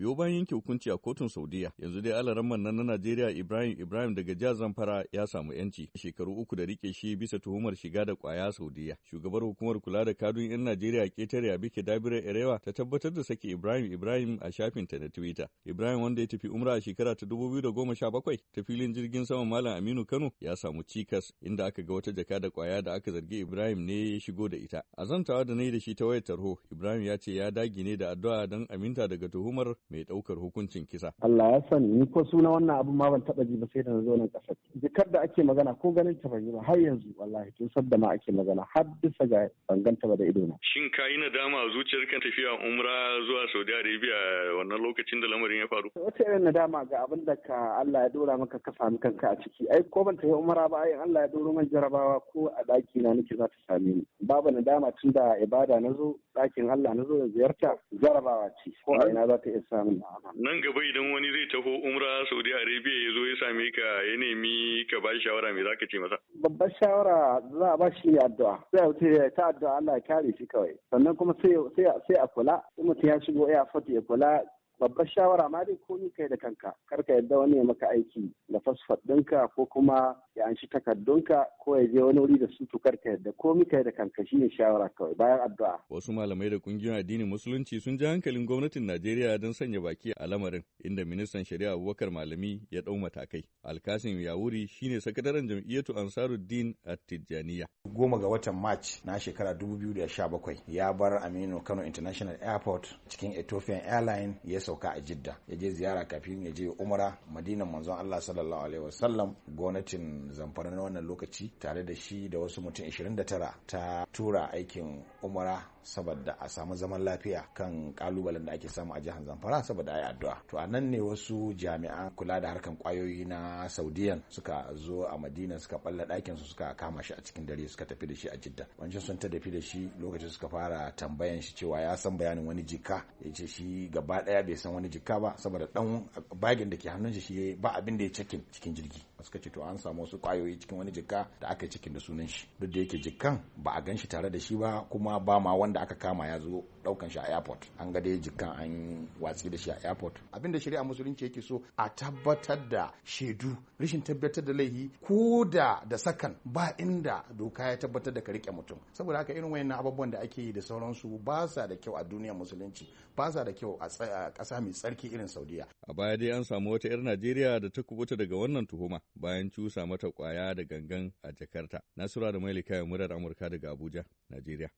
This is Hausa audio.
biyo bayan yanke hukunci a kotun saudiya yanzu dai alaramman nan na najeriya ibrahim ibrahim daga jihar zamfara ya samu yanci shekaru uku da rike shi bisa tuhumar shiga da kwaya saudiya shugabar hukumar kula da kadun yan najeriya ketare abike dabira erewa ta tabbatar da sake ibrahim ibrahim a shafin ta na twitter ibrahim wanda ya tafi umra a shekara ta da goma sha bakwai ta filin jirgin saman malam aminu kano ya samu cikas inda aka ga wata jaka da kwaya da aka zargi ibrahim ne ya shigo da ita a zantawa da na yi da shi ta wayar tarho ibrahim ya ce ya dage ne da addu'a don aminta daga tuhumar mai ɗaukar hukuncin kisa. Allah ya sani ni ko suna wannan abu ma ban taɓa ji ba sai da na zo nan ƙasar. Jikar da ake magana ko ganin ta ban yi ba har yanzu wallahi tun sadda ma ake magana har bisa ga banganta ba da ido na. Shin ka yi nadama a kan tafiya umra zuwa Saudi Arabia wannan lokacin da lamarin ya faru? Wata irin nadama ga abin da ka Allah ya dora maka ka sami kanka a ciki. Ai ko ban tafi umra ba ai Allah ya doro man jarabawa ko a ɗaki na nake za ta same ni. Babu nadama tun da ibada na zo ɗakin Allah na zo da ziyarta jarabawa ce ko a ina za ta iya samun nan gaba idan wani zai taho umra Saudi Arabia ya zo ya same ka ya nemi ka ba shawara me zaka ce masa babbar shawara za a ba shi addu'a sai wuce ya ta addu'a Allah ya kare shi kawai sannan kuma sai a kula mutum ya shigo ya fata ya kula babbar shawara ma dai komi kai da kanka kar ka yadda wani ya maka aiki da fasfat ɗinka ko kuma ya anshi takardunka ko ya je wani wuri da su tukar ka yadda komi kai da kanka shine shawara kawai bayan addu'a wasu malamai da kungiyoyin addinin musulunci sun ji hankalin gwamnatin Najeriya don sanya baki a lamarin inda ministan shari'a Abubakar Malami ya ɗau matakai Alkasim Yawuri shine sakataren jam'iyyatu Ansaruddin At-Tijjaniya goma ga watan March na shekara 2017 ya bar Aminu Kano International Airport cikin Ethiopian Airline ya sauka a jidda ya je ziyara kafin ya je umara madinan manzon allah sallallahu alaihi wasallam gwamnatin zamfara na wannan lokaci tare da shi da wasu mutum 29 ta tura aikin umara saboda a samu zaman lafiya kan kalubalen da ake samu a jihar zamfara saboda ayi addu'a to a nan ne wasu jami'an kula da harkan kwayoyi na saudiyan suka zo a madina suka balla ɗakin su suka kama shi a cikin dare suka tafi da shi a jidda wancan sun ta tafi da shi lokacin suka fara tambayan shi cewa ya san bayanin wani jika ya ce shi gaba ɗaya bai san wani jikka ba saboda dan bagin da ke hannun shi ba abin da ya cikin cikin jirgi suka ce to an samu wasu kwayoyi cikin wani jikka da aka yi cikin da sunan shi duk da yake jikkan ba a gan shi tare da shi ba kuma ba ma wanda aka kama ya zo daukan shi a airport an ga dai jikkan an watsi da shi a airport abinda shari'a musulunci yake so a tabbatar da shaidu rashin tabbatar da laifi ko da da sakan ba inda doka ya tabbatar da ka rike mutum saboda haka irin wayannan abubuwan da ake yi da sauransu ba sa da kyau a duniyar musulunci ba sa da kyau a ƙasa mai tsarki irin saudiya a baya dai an samu wata 'yar najeriya da ta kubuta daga wannan tuhuma bayan cusa mata kwaya da gangan a Jakarta. Nasura da Mailika murar Amurka daga Abuja, Najeriya.